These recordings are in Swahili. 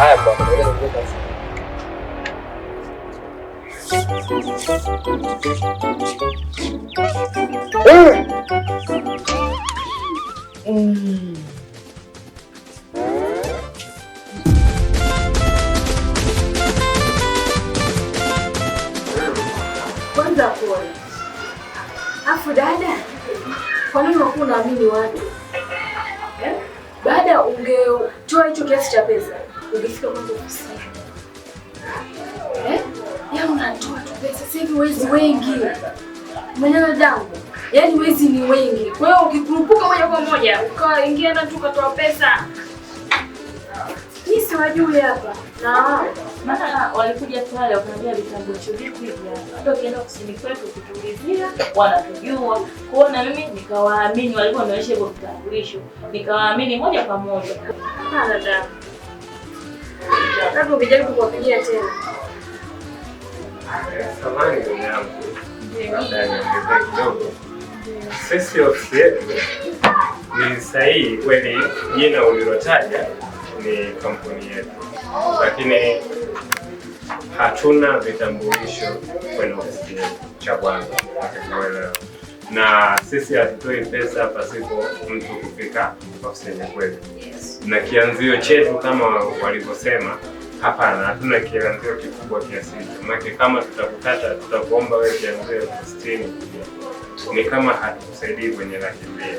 Haya bro, kwanza pole. Afu dada, kwa nini unaamini watu? Eh? Dada, ungetoa hicho kiasi cha pesa Ukifika mwanzo kusema eh, ya unatoa tu pesa. Sasa hivi wezi wengi, umeelewa jambo? Yaani wezi ni wengi, kwa hiyo ukikurupuka moja kwa moja ukaingia na tu ukatoa pesa, mimi siwajui hapa na maana walikuja pale wakaambia vitambulisho vipi hapa, ndio kienda kusini kwetu kutuulizia, wanatujua kwao, na mimi nikawaamini. Waliponionyesha hivyo vitambulisho nikawaamini moja kwa moja. Dada labda ukijaribu kuwapigia tena Sisi ofisi yetu ni sahihi kweli, jina ulilotaja ni kampuni yetu, lakini hatuna vitambulisho kwenye ofisi yetu, cha kwanza na sisi hatutoi pesa pasipo mtu kufika ofisini kwetu, na kianzio chetu kama walivyosema Hapana, hatuna kianzio kikubwa kiasi hicho, maana kama tutakukata tutakuomba wewe kianzio sitini ni kama hatukusaidii kwenye laki mbili,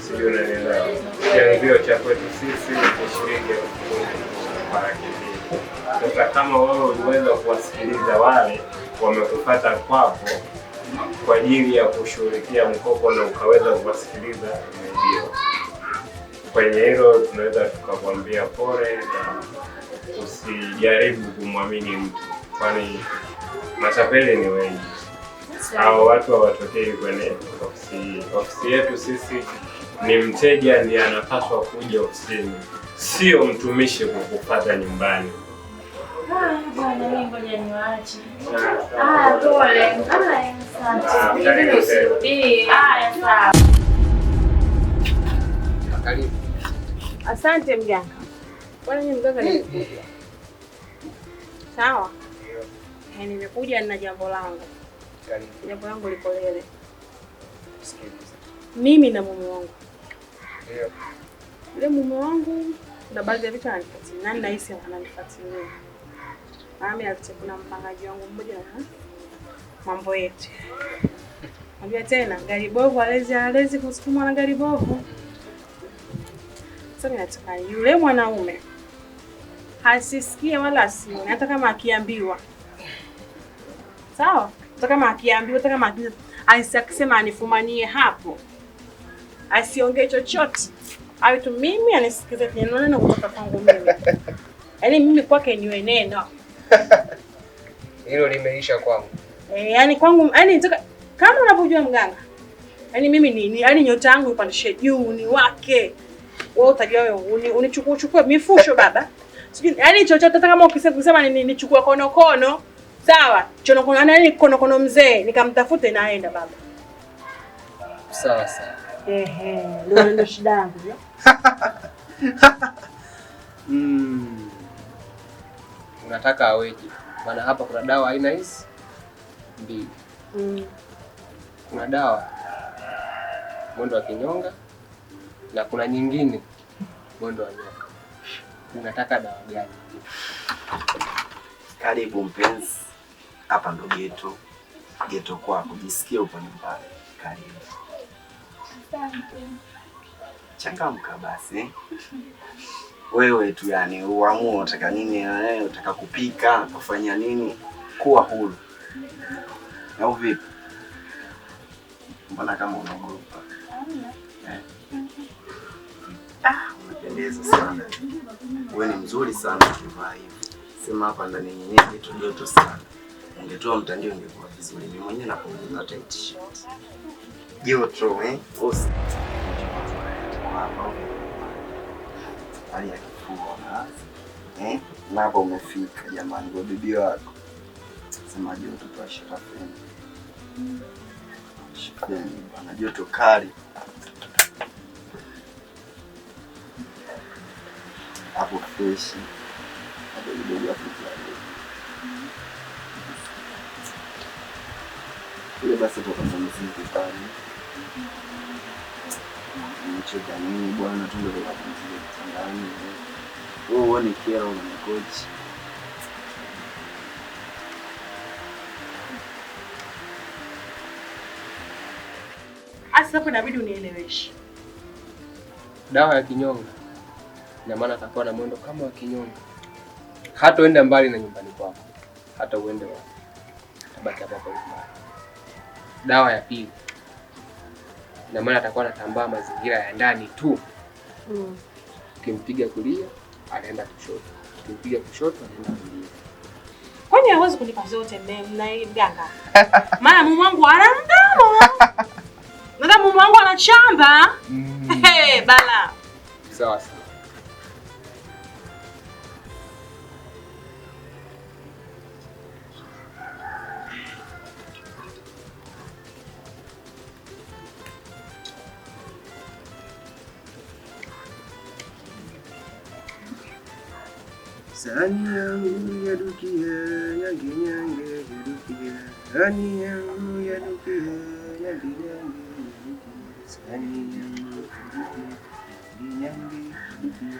sijui unanielewa. Kianzio cha kwetu sisi ni shilingi elfu kumi kwa laki mbili. Sasa kama wewe uliweza kuwasikiliza wale wamekupata kwapo kwa ajili ya kushughulikia mkopo na ukaweza kuwasikiliza ndio. Kwenye hilo tunaweza tukakwambia pole na usijaribu kumwamini mtu, kwani matapeli ni wengi, hao watu hawatokei kwenye ofisi. Ofisi yetu sisi ni mteja ndiye anapaswa kuja ofisini, sio mtumishi kukupata nyumbani. Asante mganga. Mganga nimekuja. Sawa, eh, nimekuja na jambo langu. Jambo langu liko lele, mimi na mume wangu Ile mume wangu na baadhi ya vitu ananifuatilia, nani nahisi ananifuatilia Naambia kuna mpangaji wangu mmoja na mambo yetu. Ambia tena gari bovu alezi alezi kusukuma na gari bovu. Sasa nataka yule mwanaume hasisikie wala asione hata kama akiambiwa. Sawa? Hata kama akiambiwa, hata kama akisema anifumanie hapo. Asiongee chochote. Awe tu mimi anisikize neno kutoka kwangu mimi. Yaani mimi kwake niwe neno. Hilo limeisha kwangu. Eh, yani kwangu yani nitaka kama unavyojua mganga. Yaani mimi ni yani nyota yangu ipandishe juu ni wake. Wewe utajua wewe unichukua chukua mifusho baba. Sijui yani chochote hata kama ukisema kusema ni nichukua kono kono. Sawa, chono kono yani kono kono mzee nikamtafute naenda baba. Sawa sawa. Ehe, ndio ndio shida yangu. unataka aweje? Maana hapa kuna dawa aina hizi mbili mm. kuna dawa mwendo wa kinyonga na kuna nyingine mwendo wa nyoka. Unataka dawa gani? Karibu mpenzi, hapa ndo geto, geto kwako, jisikie upo nyumbani. Karibu, changamka basi eh? wewe tu, yani uamue unataka nini, eh, unataka kupika, kufanya nini, kuwa huru au vipi? Mbona kama unaogopa? Eh. Ah, unapendeza sana wewe, ni mzuri sana ukivaa hivi. Sema hapa ndani yenyewe vitu joto sana, ungetoa mtandio ungekuwa vizuri. Mimi mwenyewe nakuuliza hata t-shirt joto eh, hali ya kifua eh, napa umefika jamani, kwa bibi wako semaje? Watoto wa Sharafeni, shikeni bwana, joto kali hapo, freshi adogodogo apiaa ile basi, tukasamizike pale nini bwana, kitandani. uone kero na kochi hapo inabidi unieleweshe. Dawa ya kinyonga ina maana atakuwa na mwendo kama wa kinyonga, hata uende mbali na nyumbani kwako, hata uende wapi, atabaki hapa kwa nyumbani. Dawa ya pili ina maana atakuwa anatambaa mazingira ya ndani tu. Mm. Ukimpiga mm. kulia anaenda kushoto, ukimpiga kushoto anaenda kulia. Kwani hawezi kunipa zote mganga? Maana mume wangu ana mdomo, mume wangu anachamba. mm. Hey, bala sawa sawa. Sanyang ya dukiya yang ginyang ya dukiya Sanyang ya dukiya yang ya dukiya Sanyang ya dukiya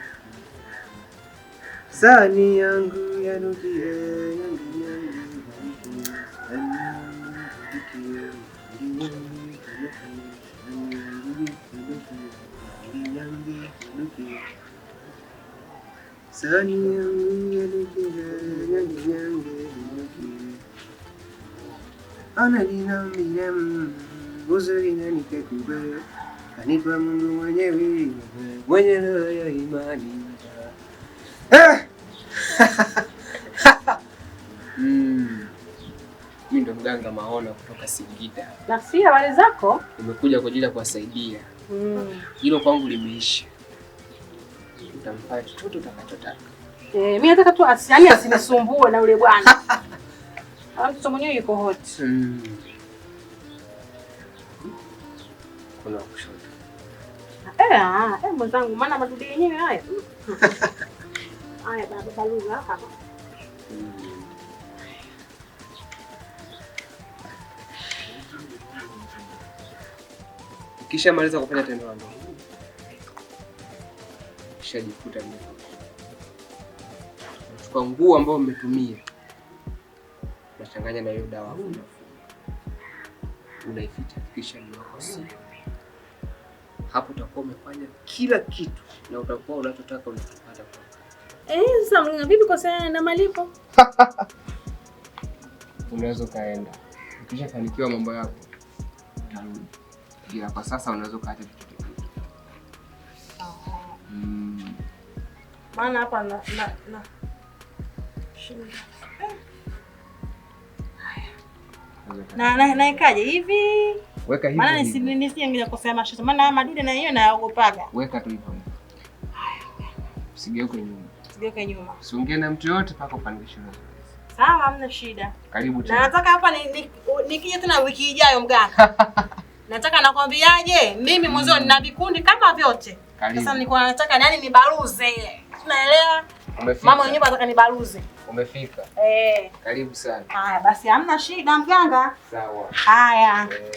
Sanyang ya dukiya Ana mwenye roho ya imani. Mimi ndo mganga Maona kutoka Singida. Na si habari zako? kwa ajili ya kuwasaidia mm. hilo Kwangu limeisha utampa chochote utakachotaka. Eh, mimi nataka tu yani asinisumbue na yule bwana. Mtoto mwenyewe yuko hot. Mm. Kuna kushoto. Eh, ah, eh maana madudu yenyewe haya. Haya baba hapa. Hmm. kufanya tendo la ndoa mimi. unachukua nguo ambayo umetumia unachanganya na hiyo dawa unaificha kisha niwakosea hapo, utakuwa umefanya kila kitu na utakuwa unachotaka unakipata. Eh, sasa vipi kwa kosea na malipo. Unaweza kaenda. ukaenda ukishafanikiwa mambo yako utarudi, ila kwa sasa unaweza vitu vingi. Mm maana hapa na na shinda eh. na na naikaje hivi, weka hivi, maana nisingekuja kusema mashoto, maana madude na hiyo yeye naogopaga. Weka tu hivyo, usigeuke nyuma, usigeuke nyuma, usiongee na mtu yote mpaka upandishe. Sawa, hamna shida. Karibu tena. Na nataka hapa nikija tena wiki ijayo mganga. Nataka nakwambiaje, mimi mwanzo nina vikundi kama vyote. Sasa nilikuwa nataka nani nibaruze tunaelewa. Mama wenyewe anataka nibaruze. Umefika. Eh. Karibu sana. Haya basi hamna shida mganga. Sawa. Haya. Eh.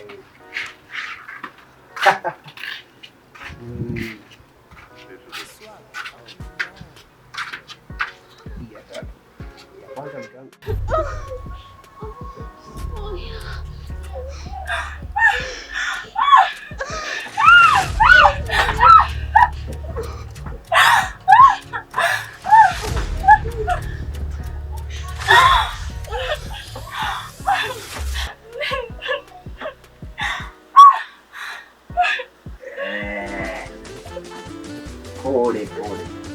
Forty, forty.